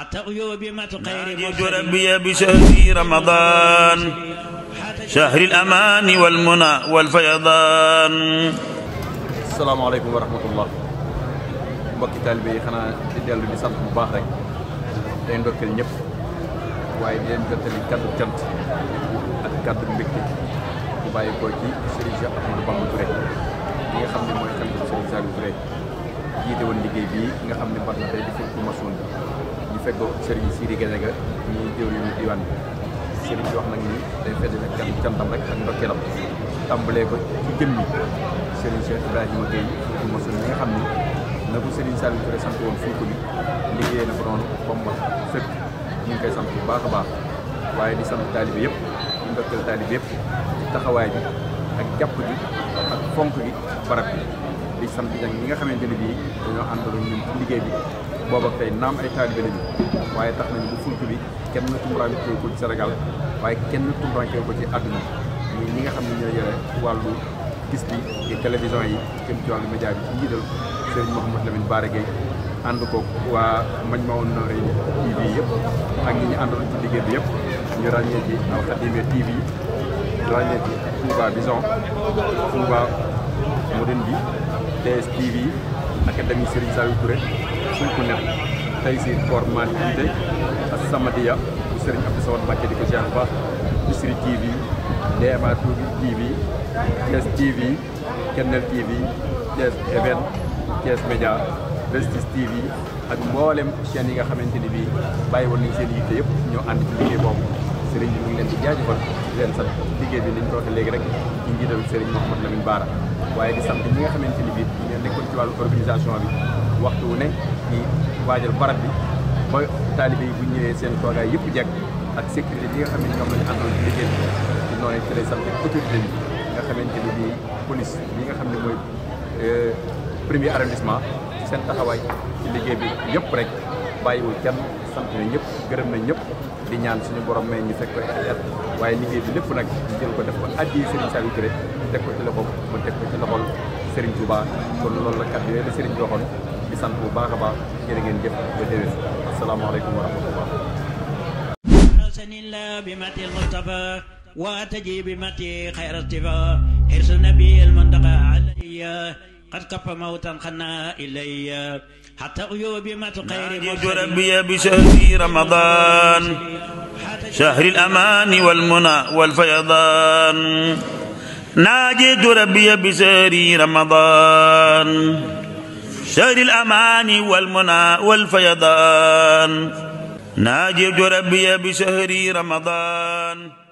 ناديت ربي بشهر رمضان شهر الأمان والمنى والفيضان السلام عليكم ورحمة الله mbokki taalibe yi xanaa di dellu di sant bu baax rek day ndokkeel ñëpp waaye di leen jottali kaddu cant ak kaddu mbégte bu bàyyi ko ci Serigne Cheikh Ahmadou Bamba Touré li nga xam ne mooy xel Serigne Saliou Touré jiite woon liggéey bii nga xam ne bar na tey di fukki masoon bi fekkoog Serigne Sidi Guèye ñuy jëwriñu diwaan bi Serigne bi wax nag ni day fedd nag kan cantam rek ak ndokkeelam tàmbalee ko ci jëmmi Serigne Cheikh Ibrahima Guèye di mosul mi nga xam ni na ko Serigne Saliou Touré sant woon fukk bi liggéey na ko noonu bombal fépp ñu ngi koy sant bu baax a baax waaye di sant taalibe yëpp di ndokkeel taalibe yëpp ci taxawaay bi ak jàpp gi ak fonk gi barab bi di sant nag ñi nga xamante ne bii dañoo àndaloon ñun ci liggéey bi. booba ak tey naam ay taalibe lañu waaye tax nañu bu fulk bi kenn tumuraankewu ko ci Sénégal waaye kenn tumuraankewu ko ci àdduna ñi ñi nga xam ne ñoo yore wàllu gis bi ci télévision yi jëm ci wàllu média bi ci njiital Serigne Mouhamed Lamine Bara Gueye ànd ko waa Majmahun Nurayni TV yëpp ak ñi ñu àndoon ci liggéey bi yëpp ñu ràññee ci Al Khadimiyyah TV ràññee ci Touba Vision Touba Modène bi TS TV académie Serigne Saliou Touré suñ ko nekk tey si koor maa jiite ak samadiya bu sëriñ Abdou Samad Mbacke di ko ziar bu baax Bichri TV DMA TV Thiès TV Kennel TV Thiès Event Thiès Média Prestige TV ak mboolem chaîne yi nga xamante ni bii bàyyi woon nañ seen yitte yëpp ñoo ànd ci liggéey boobu sëriñ bi mu ngi leen di jaajëfal di leen sant liggéey bi ni ñu ko waxee léegi rek ci njiital sëriñ la Lamine Bara waaye di sant ñi nga xamante ni bii ñu nekkoon ci wàllu organisation bi. waxtu wu ne di waajal barab bi ba taalibe yi bu ñëwee seen toogaay yëpp jekk ak sécurité bi nga xam ne ñoom la ñu àndoon ci liggéey bi noonu nga xamante ni bii police bi nga xam ne mooy euh, premier arrondissement seen taxawaay ci liggéey bi yëpp rek bàyyiwul kenn sant na ñëpp gërëm na ñëpp di ñaan suñu borom may ñu fekk ko ay waaye liggéey bi lépp nag ñu jël ko def ko addi Serigne Saliou Touré teg ko ci loxo mu teg ko ci loxol Serigne Touba kon loolu la kat yooyu la Serigne bi waxoon di sant bu baax a baax jërë ngeen jëf ba déwén asalaamaaleykum wa rahmatullah ارسلنا بمتي المصطفى واتجي بمتي خير اصطفى ارسل نبي المنطقه علي قد كف موتا خنا الي حتى عيوب ما تقير ربي بشهر رمضان شهر الامان والمنى والفيضان ناجيت ربي بسهر رمضان سهر الأمان والمنى والفيضان ناجيت ربي بسهر رمضان